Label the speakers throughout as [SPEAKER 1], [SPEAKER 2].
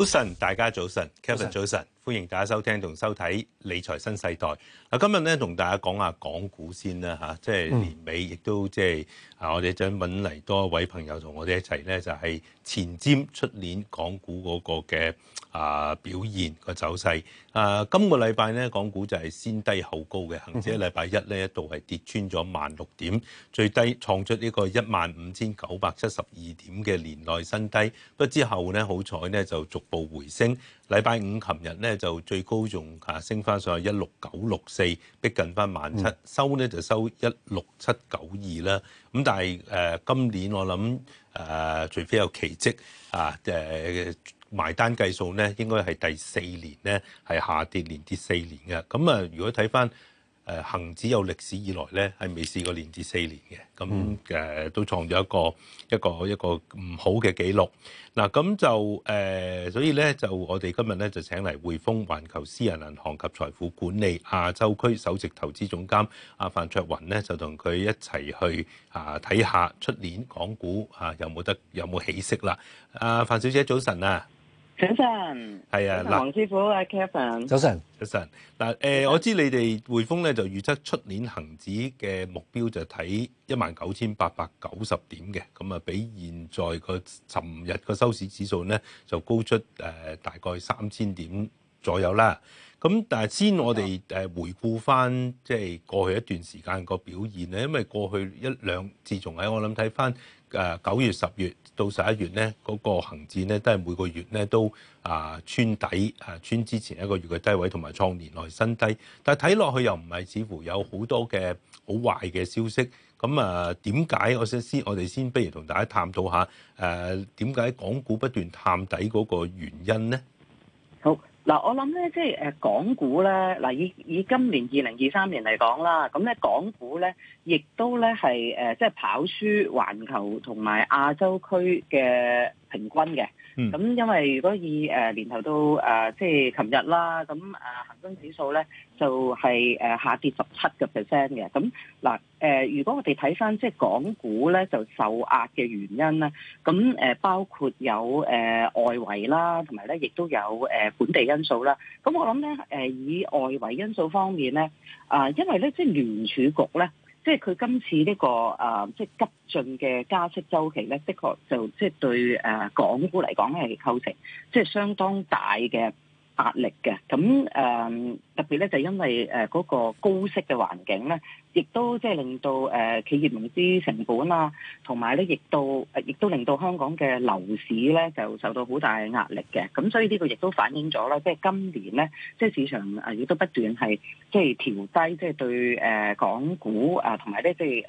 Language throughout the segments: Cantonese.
[SPEAKER 1] 早晨，大家早晨，Kevin 早晨。早晨。歡迎大家收聽同收睇《理財新世代》。嗱，今日咧同大家講下港股先啦嚇，即係年尾亦都即係啊，我哋想揾嚟多一位朋友同我哋一齊咧，就係、是、前瞻出年港股嗰個嘅啊、呃、表現個走勢。啊、呃，今個禮拜咧，港股就係先低後高嘅，甚至係禮拜一呢，一度係跌穿咗萬六點，最低創出呢個一萬五千九百七十二點嘅年內新低。不過之後咧，好彩咧就逐步回升。禮拜五、琴日咧就最高仲嚇升翻上去一六九六四，逼近翻萬七，收咧就收一六七九二啦。咁但係誒今年我諗誒、呃，除非有奇蹟啊誒埋單計數咧，應該係第四年咧係下跌，連跌四年嘅。咁、嗯、啊，如果睇翻。誒恆指有歷史以來咧係未試過連跌四年嘅，咁誒都創咗一個一個一個唔好嘅記錄。嗱，咁就誒，所以咧就我哋今日咧就請嚟匯豐環球私人銀行及財富管理亞洲區首席投資總監阿范卓雲咧，就同佢一齊去啊睇下出年港股啊有冇得有冇起色啦。阿范小姐早晨啊！早晨，係啊，嗱，黃
[SPEAKER 2] 師傅啊 Kevin 早晨，
[SPEAKER 1] 早晨，嗱，誒、呃，我知你哋匯豐咧就預測出年恒指嘅目標就睇一萬九千八百九十點嘅，咁啊，比現在個尋日個收市指數咧就高出誒、呃、大概三千點左右啦。咁但係先我哋誒回顧翻即係過去一段時間個表現咧，因為過去一兩次從喺我諗睇翻。誒九月、十月到十一月咧，嗰、那個恒指咧都係每個月咧都啊穿底啊穿之前一個月嘅低位同埋創年內新低，但係睇落去又唔係，似乎有好多嘅好壞嘅消息。咁啊，點解我想先我哋先不如同大家探討下誒點解港股不斷探底嗰個原因咧？
[SPEAKER 2] 好。嗱，我諗咧，即係誒港股咧，嗱以以今年二零二三年嚟講啦，咁咧港股咧，亦都咧係誒，即係跑輸環球同埋亞洲區嘅平均嘅。咁、嗯、因為如果以誒年頭到誒即係琴日啦，咁誒恆生指數咧，就係、是、誒下跌十七個 percent 嘅，咁嗱誒，如果我哋睇翻即係港股咧，就受壓嘅原因啦。咁誒包括有誒、呃、外圍啦，同埋咧亦都有誒、呃、本地因素啦。咁我諗咧誒以外圍因素方面咧，啊、呃，因為咧即係聯儲局咧，即係佢今次呢、這個啊，即、呃、係、就是、急進嘅加息周期咧，的確就即係、就是、對誒港股嚟講係構成即係、就是、相當大嘅壓力嘅，咁誒、呃，特別咧，就係因為誒嗰、呃嗰個高息嘅環境咧。亦都即係令到誒企業融資成本啊，同埋咧，亦都誒，亦都令到香港嘅樓市咧，就受到好大嘅壓力嘅。咁所以呢個亦都反映咗啦，即係今年咧，即係市場誒亦都不斷係即係調低，即係對誒港股啊，同埋咧即係誒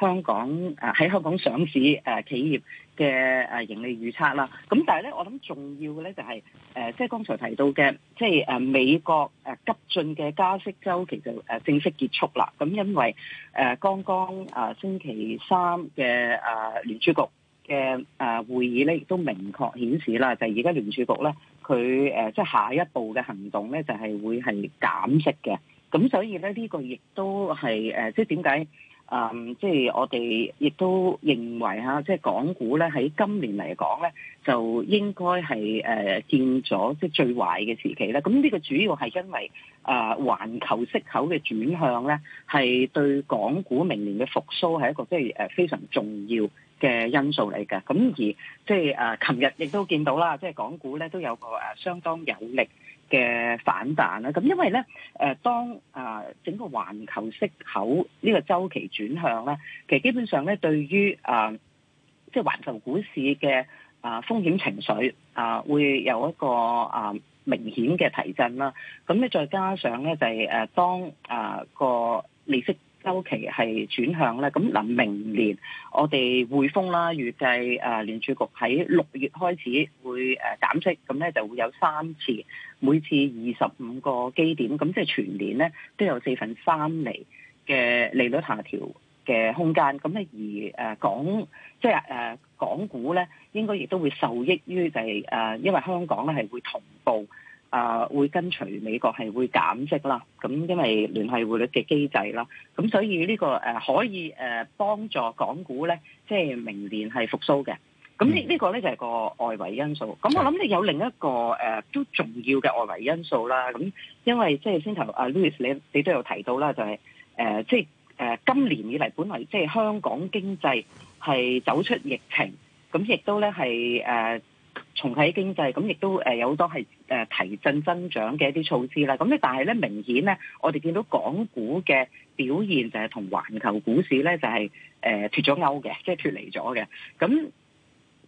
[SPEAKER 2] 香港誒喺香港上市誒、啊、企業嘅誒盈利預測啦。咁但係咧，我諗重要嘅咧就係誒即係剛才提到嘅，即係誒美國誒急進嘅加息周期就誒正式結束啦。咁因因為誒、剛、呃、剛、呃、星期三嘅，啊、聯、呃、儲局嘅、誒、呃、會議咧，亦都明確顯示啦，就而家聯儲局咧，佢誒、呃，即係下一步嘅行動咧，就係、是、會係減息嘅。咁所以咧，呢、這個亦都係誒，即係點解？嗯，即係我哋亦都認為吓，即係港股咧，喺今年嚟講咧，就應該係誒見咗即係最壞嘅時期咧。咁呢個主要係因為啊環球息口嘅轉向咧，係對港股明年嘅復蘇係一個即係誒非常重要。嘅因素嚟嘅，咁而即係誒琴日亦都見到啦，即係港股咧都有個誒相當有力嘅反彈啦。咁因為咧誒當誒整個環球息口呢個周期轉向咧，其實基本上咧對於誒即係環球股市嘅誒風險情緒啊，會有一個誒明顯嘅提振啦。咁咧再加上咧就係誒當誒個利息周期係轉向咧，咁嗱明年我哋匯豐啦預計誒聯儲局喺六月開始會誒減息，咁咧就會有三次，每次二十五個基點，咁即係全年咧都有四分三厘嘅利率下調嘅空間。咁咧而誒港即係誒港股咧，應該亦都會受益於就係、是、誒，因為香港咧係會同步。啊，會跟隨美國係會減息啦，咁、啊、因為聯繫匯率嘅機制啦，咁、啊、所以呢、這個、啊、可以誒、啊、幫助港股咧，即、就、係、是、明年係復甦嘅。咁呢呢個咧就係、是、個外圍因素。咁我諗你有另一個誒、啊、都重要嘅外圍因素啦。咁、啊、因為即係先頭阿 Louis 你你都有提到啦，就係誒即係誒今年以嚟本來即係香港經濟係走出疫情，咁亦都咧係誒。啊重啟經濟，咁亦都有好多係提振增長嘅一啲措施啦。咁咧，但係咧明顯咧，我哋見到港股嘅表現就係同環球股市咧就係誒脫咗鈎嘅，即係脫離咗嘅。咁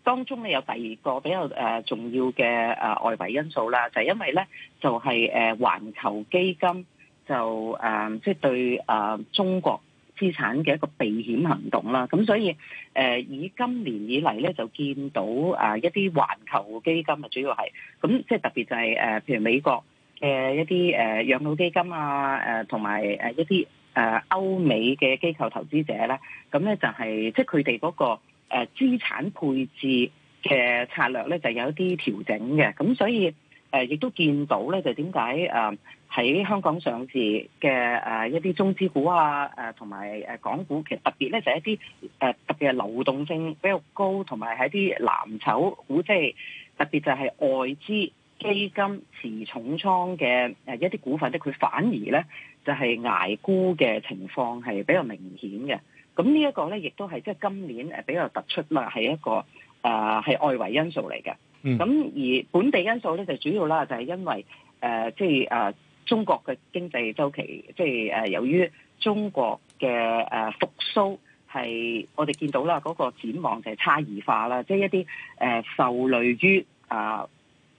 [SPEAKER 2] 當中咧有第二個比較重要嘅外圍因素啦，就係、是、因為咧就係誒環球基金就即係對誒中國。資產嘅一個避險行動啦，咁所以誒、呃、以今年以嚟咧就見到啊一啲環球基金啊，主要係咁即係特別就係、是、誒、呃、譬如美國嘅一啲誒養老基金啊，誒同埋誒一啲誒、呃、歐美嘅機構投資者咧，咁咧就係、是、即係佢哋嗰個誒、呃、資產配置嘅策略咧，就有一啲調整嘅，咁所以。誒、呃，亦都見到咧，就點解誒喺香港上市嘅誒一啲中資股啊，誒同埋誒港股，其實特別咧就係一啲誒特別係、呃、流動性比較高，同埋喺啲藍籌股，即係特別就係外資基金持重倉嘅誒一啲股份，即佢反而咧就係、是、捱沽嘅情況係比較明顯嘅。咁呢一個咧，亦都係即係今年誒比較突出喇，係一個誒係、呃、外圍因素嚟嘅。咁、嗯、而本地因素咧就主要啦、呃，就係因為誒即係誒中國嘅經濟週期，即係誒由於中國嘅誒復甦，係、呃、我哋見到啦，嗰、那個展望就係差異化啦，即、就、係、是、一啲誒、呃、受累於啊，呃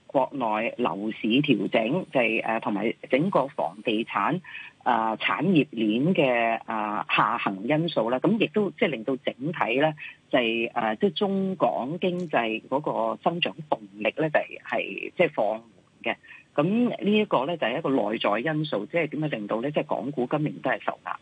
[SPEAKER 2] 國內樓市調整就係、是、誒，同埋整個房地產啊、呃、產業鏈嘅啊、呃、下行因素啦，咁亦都即係、就是、令到整體咧就係、是、誒，即、呃、係、就是、中港經濟嗰個增長動力咧就係係即係放緩嘅。咁呢一個咧就係、是、一個內在因素，即係點樣令到咧即係港股今年都係受壓。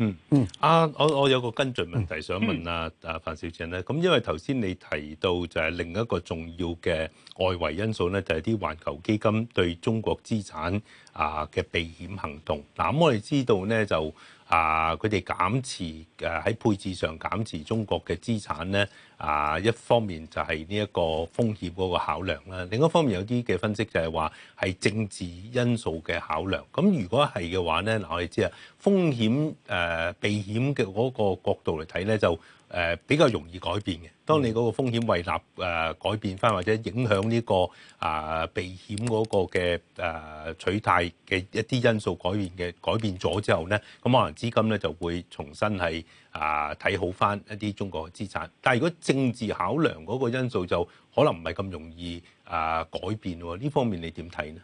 [SPEAKER 1] 嗯嗯，阿、嗯啊、我我有個跟進問題想問阿、啊、阿、嗯啊、范小姐咧，咁因為頭先你提到就係另一個重要嘅外圍因素咧，就係、是、啲環球基金對中國資產啊嘅避險行動。嗱，咁我哋知道咧就。啊！佢哋減持誒喺、啊、配置上減持中國嘅資產咧，啊一方面就係呢一個風險嗰個考量啦，另一方面有啲嘅分析就係話係政治因素嘅考量。咁如果係嘅話咧，嗱我哋知啊，風險誒、啊、避險嘅嗰個角度嚟睇咧就。誒、呃、比較容易改變嘅，當你嗰個風險胃納、呃、改變翻，或者影響呢、這個啊、呃、避險嗰個嘅誒、呃、取態嘅一啲因素改變嘅改變咗之後咧，咁、嗯、可能資金咧就會重新係啊睇好翻一啲中國嘅資產。但係如果政治考量嗰個因素就可能唔係咁容易啊、呃、改變喎，呢方面你點睇呢？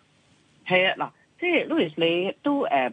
[SPEAKER 1] 係啊，嗱，即
[SPEAKER 2] 係 Louis 你都誒。呃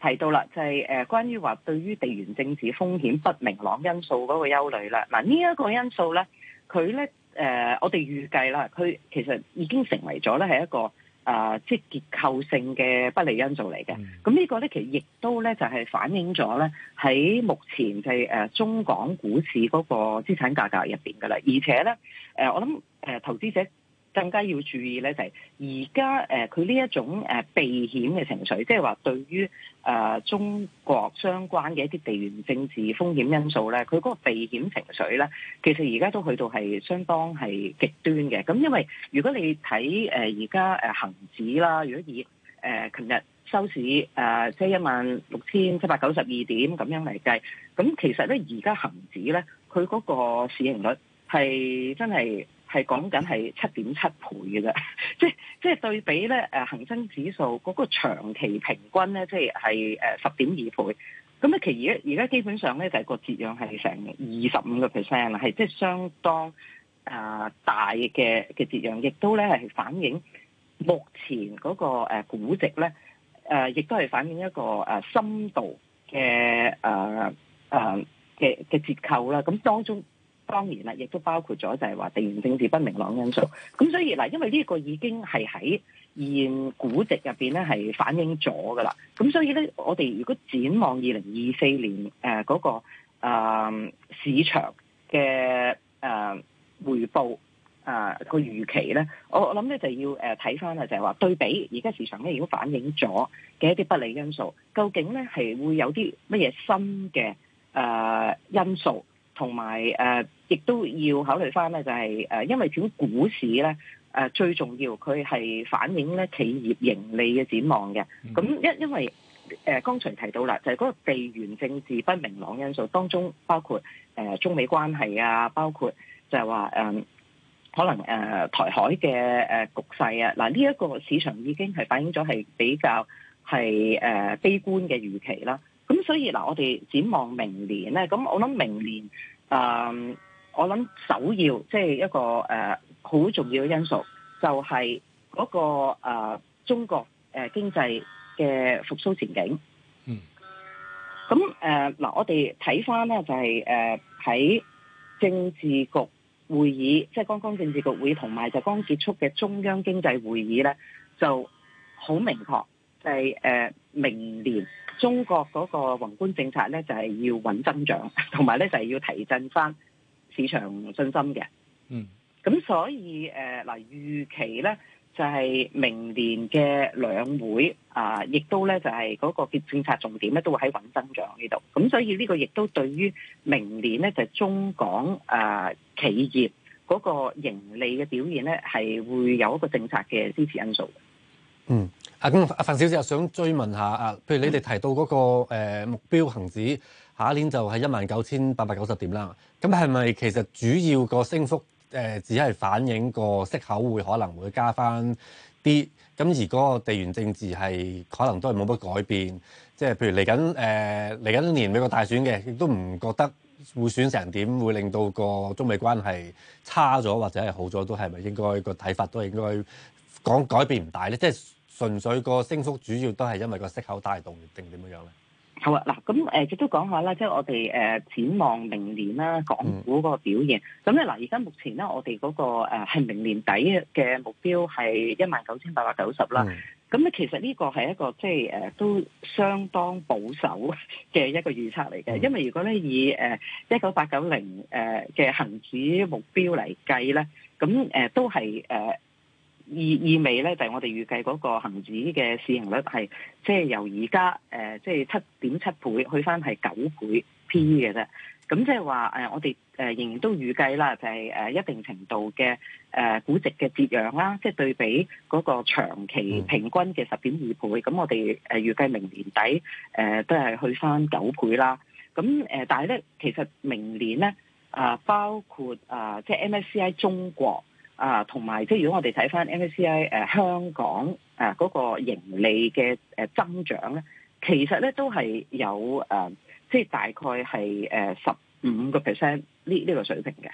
[SPEAKER 2] 提到啦，就係誒關於話對於地緣政治風險不明朗因素嗰個憂慮啦。嗱，呢一個因素咧，佢咧誒，我哋預計啦，佢其實已經成為咗咧係一個啊，即係結構性嘅不利因素嚟嘅。咁呢個咧其實亦都咧就係反映咗咧喺目前就係誒中港股市嗰個資產價格入邊噶啦。而且咧，誒我諗誒投資者。更加要注意咧，就係而家誒，佢、呃、呢一種誒、呃、避險嘅情緒，即係話對於誒、呃、中國相關嘅一啲地緣政治風險因素咧，佢嗰個避險情緒咧，其實而家都去到係相當係極端嘅。咁因為如果你睇誒而家誒恆指啦，如果以誒琴日收市誒即係一萬六千七百九十二點咁樣嚟計，咁其實咧而家恒指咧，佢嗰個市盈率係真係。係講緊係七點七倍嘅啦，即係即係對比咧誒恆生指數嗰個長期平均咧，即係係誒十點二倍，咁咧其而家而家基本上咧就係、是、個折讓係成二十五個 percent 啦，係即係相當誒、呃、大嘅嘅折讓，亦都咧係反映目前嗰、那個、呃、估值咧誒，亦都係反映一個誒深度嘅誒誒嘅嘅折扣啦，咁當中。當然啦，亦都包括咗就係話地緣政治不明朗因素。咁所以嗱，因為呢個已經係喺現估值入邊咧，係反映咗㗎喇。咁所以咧，我哋如果展望二零二四年誒嗰、呃那個、呃、市場嘅誒、呃、回報啊、呃那個預期咧，我我諗咧就要誒睇翻喇，呃、就係話對比而家市場咧已經反映咗嘅一啲不利因素，究竟咧係會有啲乜嘢新嘅誒、呃、因素同埋誒？亦都要考慮翻咧，就係因為點股市咧最重要，佢係反映咧企業盈利嘅展望嘅。咁因因為剛才提到啦，就係嗰個地緣政治不明朗因素，當中包括中美關係啊，包括就係話可能台海嘅局勢啊。嗱，呢一個市場已經係反映咗係比較係悲觀嘅預期啦。咁所以嗱，我哋展望明年咧，咁我諗明年我諗首要即係、就是、一個誒好、呃、重要嘅因素，就係、是、嗰、那個誒、呃、中國誒、呃、經濟嘅復蘇前景。嗯。咁誒嗱，我哋睇翻咧就係誒喺政治局會議，即係剛剛政治局會議同埋就剛結束嘅中央經濟會議咧，就好明確就係、是、誒、呃、明年中國嗰個宏觀政策咧就係、是、要穩增長，同埋咧就係、是、要提振翻。市場信心嘅，嗯，咁所以誒嗱，預期咧就係明年嘅兩會啊，亦都咧就係嗰個嘅政策重點咧，都會喺穩增長呢度。咁所以呢個亦都對於明年咧，就係中港誒企業嗰個盈利嘅表現咧，係會有一個政策嘅支持因素。嗯，阿
[SPEAKER 1] 咁阿范小姐想追問下啊，譬如你哋提到嗰個誒目標恒指。下年就係一萬九千八百九十點啦。咁係咪其實主要個升幅只係反映個息口會可能會加翻啲？咁而嗰個地緣政治係可能都係冇乜改變。即係譬如嚟緊誒嚟緊年美國大選嘅，亦都唔覺得會選成點會令到個中美關係差咗或者係好咗，都係咪應該個睇法都應該講改變唔大咧？即係純粹個升幅主要都係因為個息口帶動定點樣呢？咧？
[SPEAKER 2] 好啊，嗱咁亦都講下啦，即係我哋誒展望明年啦，港股嗰個表現。咁咧嗱，而家目前咧、那個，我哋嗰個誒係明年底嘅目標係一萬九千八百九十啦。咁、嗯、咧其實呢個係一個即係、呃、都相當保守嘅一個預測嚟嘅、嗯，因為如果咧以誒一九八九零嘅恆指目標嚟計咧，咁、呃、都係誒。呃意意味咧就係、是、我哋預計嗰個恆指嘅市盈率係即係由而家即係七點七倍去返係九倍 PE 嘅啫，咁即係話我哋仍然都預計啦，就係、是、一定程度嘅誒、呃、估值嘅折讓啦，即、就、係、是、對比嗰個長期平均嘅十點二倍，咁我哋預計明年底誒、呃、都係去返九倍啦。咁、呃、但係咧其實明年咧啊、呃、包括啊即係 MSCI 中國。啊，同埋即係如果我哋睇翻 MSCI 誒香港誒嗰、啊那個盈利嘅誒增長咧，其實咧都係有誒，即、啊、係、就是、大概係誒十五個 percent 呢呢個水平嘅。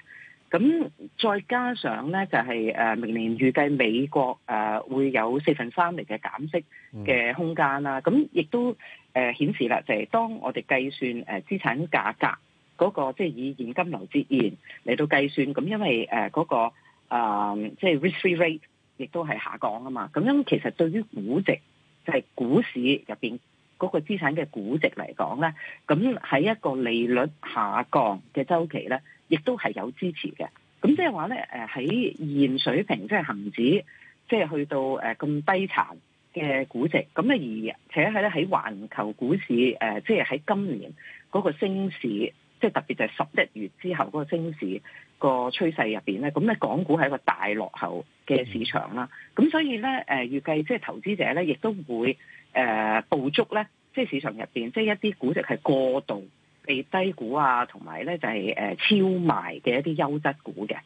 [SPEAKER 2] 咁再加上咧就係、是、誒明年預計美國誒、啊、會有四分三厘嘅減息嘅空間啦。咁亦都誒、啊、顯示啦，就係、是、當我哋計算誒資產價格嗰、那個即係、就是、以現金流折現嚟到計算，咁因為誒嗰、啊那個。啊，um，即係 risk-free rate 亦都係下降啊嘛，咁樣其實對於估值，即係股市入邊嗰個資產嘅估值嚟講咧，咁喺一個利率下降嘅週期咧，亦都係有支持嘅。咁即係話咧，誒喺現水平即係恒指，即係去到誒咁低殘嘅估值，咁咧而且係咧喺環球股市誒，即係喺今年嗰個升市。即係特別就係十一月之後嗰個升市個趨勢入邊咧，咁咧港股係一個大落後嘅市場啦。咁所以咧，誒預計即係投資者咧，亦都會誒捕捉咧，即係市場入邊即係一啲估值係過度被低估啊，同埋咧就係誒超賣嘅一啲優質股嘅。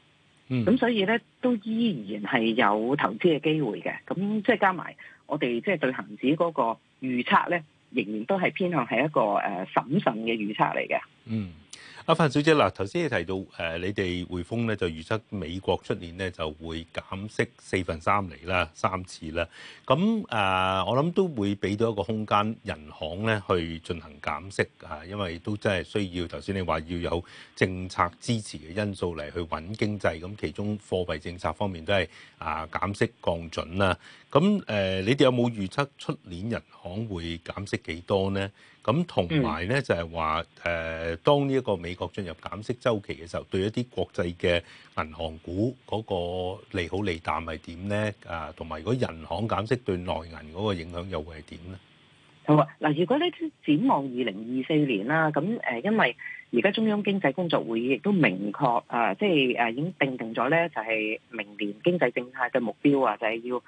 [SPEAKER 2] 嗯。咁所以咧都依然係有投資嘅機會嘅。咁即係加埋我哋即係對恒指嗰個預測咧，仍然都係偏向係一個誒審慎嘅預測嚟嘅。嗯。
[SPEAKER 1] 阿范小姐嗱，頭先你提到誒，你哋匯豐咧就預測美國出年咧就會減息四分三厘啦，三次啦。咁誒，我諗都會俾到一個空間，人行咧去進行減息啊，因為都真係需要。頭先你話要有政策支持嘅因素嚟去穩經濟，咁其中貨幣政策方面都係啊減息降準啦。咁誒，你哋有冇預測出年人行會減息幾多呢？咁同埋咧就係話誒，當呢一個美國進入減息週期嘅時候，對一啲國際嘅銀行股嗰個利好利淡係點咧？啊，同埋如果人行減息對內銀嗰個影響又會係點咧？
[SPEAKER 2] 好啊，嗱，如果呢，展望二零二四年啦，咁誒，因為而家中央經濟工作會議亦都明確啊，即係誒已經定定咗咧，就係明年經濟政策嘅目標啊，就係要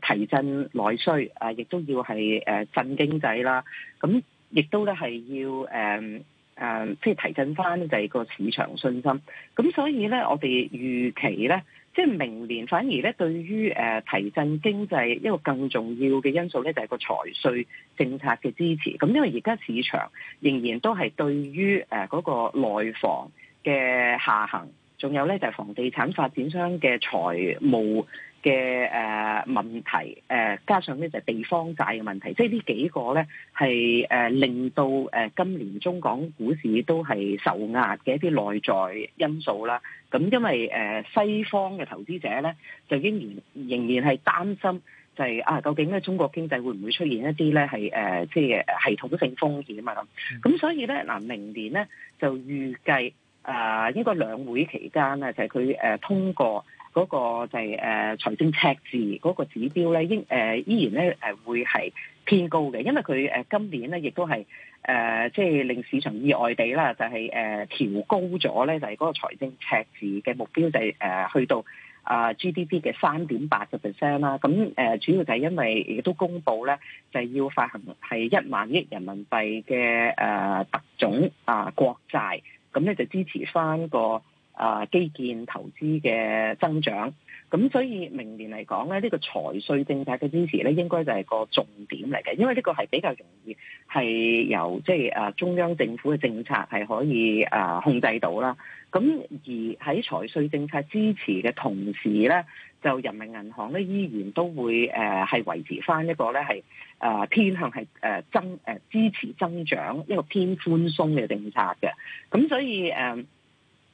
[SPEAKER 2] 誒提振內需啊，亦都要係誒振經濟啦，咁。亦都咧係要誒誒、嗯嗯，即係提振返就係個市場信心。咁所以咧，我哋預期咧，即係明年反而咧，對於誒提振經濟一個更重要嘅因素咧，就係個財稅政策嘅支持。咁因為而家市場仍然都係對於誒嗰個內房嘅下行，仲有咧就係房地產發展商嘅財務。嘅誒問題，誒加上咧就係地方債嘅問題，即係呢幾個咧係誒令到誒今年中港股市都係受壓嘅一啲內在因素啦。咁因為誒西方嘅投資者咧，就仍然仍然係擔心就係、是、啊，究竟咧中國經濟會唔會出現一啲咧係誒即係系統性風險啊咁。咁、嗯、所以咧嗱，明年咧就預計誒應該兩會期間咧就係佢誒通過。嗰、那個就係誒財政赤字嗰個指標咧，應誒依然咧誒會係偏高嘅，因為佢誒今年咧亦都係誒即係令市場意外地啦，就係誒調高咗咧，就係嗰個財政赤字嘅目標就係誒去到啊 GDP 嘅三點八個 percent 啦。咁誒主要就係因為亦都公布咧，就係要發行係一萬億人民幣嘅誒特種啊國債，咁咧就支持翻個。啊，基建投資嘅增長，咁所以明年嚟講咧，呢、這個財稅政策嘅支持咧，應該就係個重點嚟嘅，因為呢個係比較容易係由即係、就是、啊中央政府嘅政策係可以啊控制到啦。咁而喺財稅政策支持嘅同時咧，就人民銀行咧依然都會誒係、啊、維持返一個咧係啊偏向係誒、啊、增誒、啊、支持增長一個偏寬鬆嘅政策嘅。咁所以誒。啊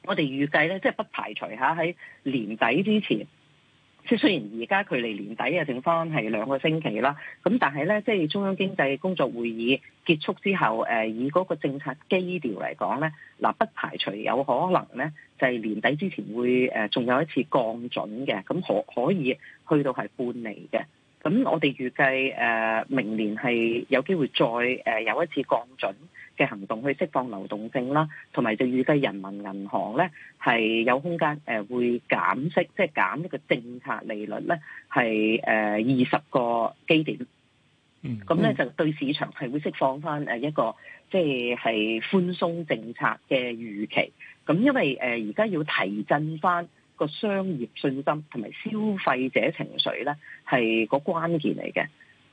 [SPEAKER 2] 我哋預計咧，即係不排除嚇喺年底之前，即係雖然而家距離年底啊，剩翻係兩個星期啦。咁但係咧，即係中央經濟工作會議結束之後，誒以嗰個政策基調嚟講咧，嗱不排除有可能咧，就係年底之前會誒仲有一次降準嘅。咁可可以去到係半釐嘅。咁我哋預計誒明年係有機會再誒有一次降準。嘅行動去釋放流動性啦，同埋就預計人民銀行咧係有空間誒，會減息，即係減一個政策利率咧係誒二十個基點。嗯，咁咧就對市場係會釋放翻誒一個即係係寬鬆政策嘅預期。咁因為誒而家要提振翻個商業信心同埋消費者情緒咧，係個關鍵嚟嘅。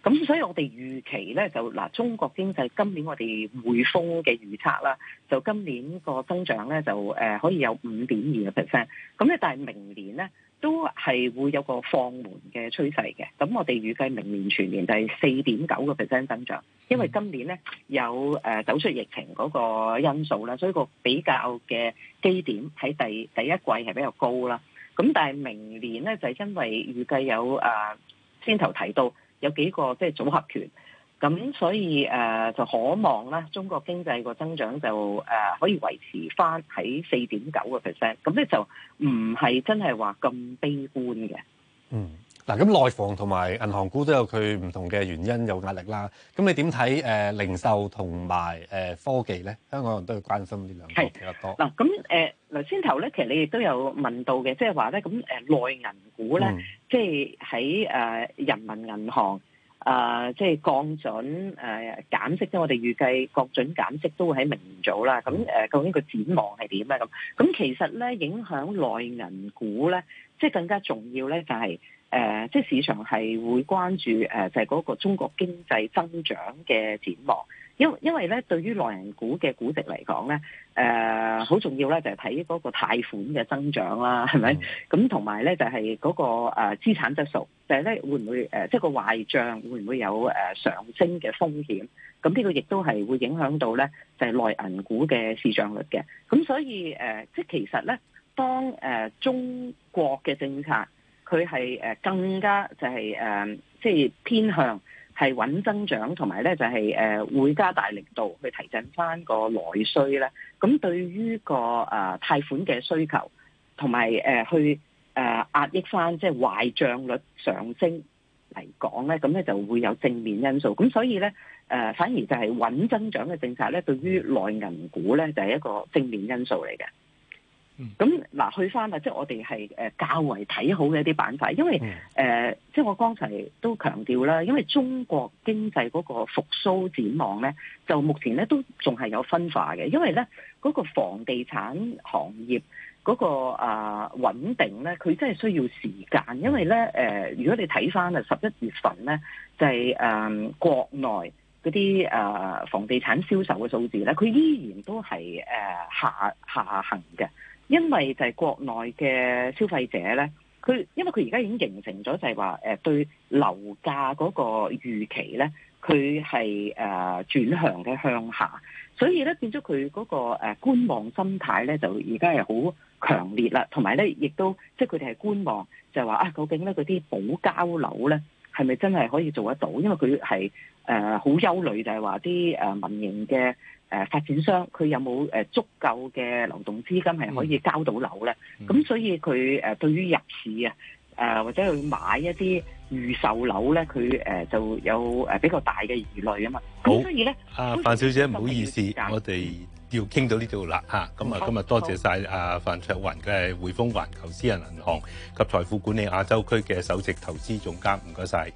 [SPEAKER 2] 咁所以我哋預期咧就嗱，中國經濟今年我哋匯豐嘅預測啦，就今年個增長咧就誒可以有五點二個 percent。咁咧但係明年咧都係會有個放緩嘅趨勢嘅。咁我哋預計明年全年就係四點九個 percent 增長，因為今年咧有誒、呃、走出疫情嗰個因素啦，所以個比較嘅基點喺第第一季係比較高啦。咁但係明年咧就係因為預計有誒、呃、先頭提到。有幾個即係組合權，咁所以誒、呃、就可望咧，中國經濟個增長就誒、呃、可以維持返喺四點九個 percent，咁咧就唔係真係話咁悲觀嘅。嗯，
[SPEAKER 1] 嗱咁內房同埋銀行股都有佢唔同嘅原因有壓力啦。咁你點睇誒零售同埋誒科技咧？香港人都要關心呢兩個比較
[SPEAKER 2] 多。嗱咁誒。嗱，先頭咧，其實你亦都有問到嘅，即係話咧，咁誒內銀股咧，即係喺誒人民銀行誒、呃，即係降準誒、呃、減息，即係我哋預計降準減息都會喺明年初啦。咁、呃、誒，究竟個展望係點咧？咁咁其實咧，影響內銀股咧，即係更加重要咧，就係誒，即係市場係會關注誒、呃，就係、是、嗰個中國經濟增長嘅展望。因因為咧，對於內銀股嘅估值嚟講咧，誒好重要咧，就係睇嗰個貸款嘅增長啦，係咪？咁同埋咧，就係嗰個誒資產質素，就係咧會唔會誒，即係個壞賬會唔會有誒上升嘅風險？咁呢個亦都係會影響到咧，就係內銀股嘅市漲率嘅。咁所以誒，即係其實咧，當誒中國嘅政策，佢係誒更加就係誒，即係偏向。係穩增長，同埋咧就係、是、誒、呃、會加大力度去提振翻個內需咧。咁對於、那個誒、呃、貸款嘅需求，同埋誒去誒、呃、壓抑翻即係壞賬率上升嚟講咧，咁咧就會有正面因素。咁所以咧誒、呃、反而就係穩增長嘅政策咧，對於內銀股咧就係、是、一個正面因素嚟嘅。咁、嗯、嗱，去翻啊，即係我哋係誒較為睇好嘅一啲板塊，因為誒、嗯呃，即係我剛才都強調啦，因為中國經濟嗰個復甦展望咧，就目前咧都仲係有分化嘅，因為咧嗰、那個房地產行業嗰、那個啊、呃、穩定咧，佢真係需要時間，因為咧誒、呃，如果你睇翻啊十一月份咧，就係、是、誒、呃、國內嗰啲誒房地產銷售嘅數字咧，佢依然都係誒、呃、下下行嘅。因為就係國內嘅消費者咧，佢因為佢而家已經形成咗就係話誒對樓價嗰個預期咧，佢係誒轉向嘅向下，所以咧變咗佢嗰個誒觀望心態咧，就而家係好強烈啦，同埋咧亦都即係佢哋係觀望，就係話啊，究竟咧嗰啲保交樓咧？係咪真係可以做得到？因為佢係誒好憂慮就係，就係話啲誒民營嘅誒、呃、發展商，佢有冇誒、呃、足夠嘅流動資金係可以交到樓咧？咁、嗯嗯、所以佢誒、呃、對於入市啊誒、呃、或者去買一啲預售樓咧，佢誒、呃、就有誒比較大嘅疑慮啊嘛。咁所以咧，
[SPEAKER 1] 阿、啊、范小姐唔、嗯、好意思，我哋。要傾到呢度啦，嚇，咁啊今日多謝晒阿范卓雲嘅匯豐環球私人銀行及財富管理亞洲區嘅首席投資總監，唔該晒。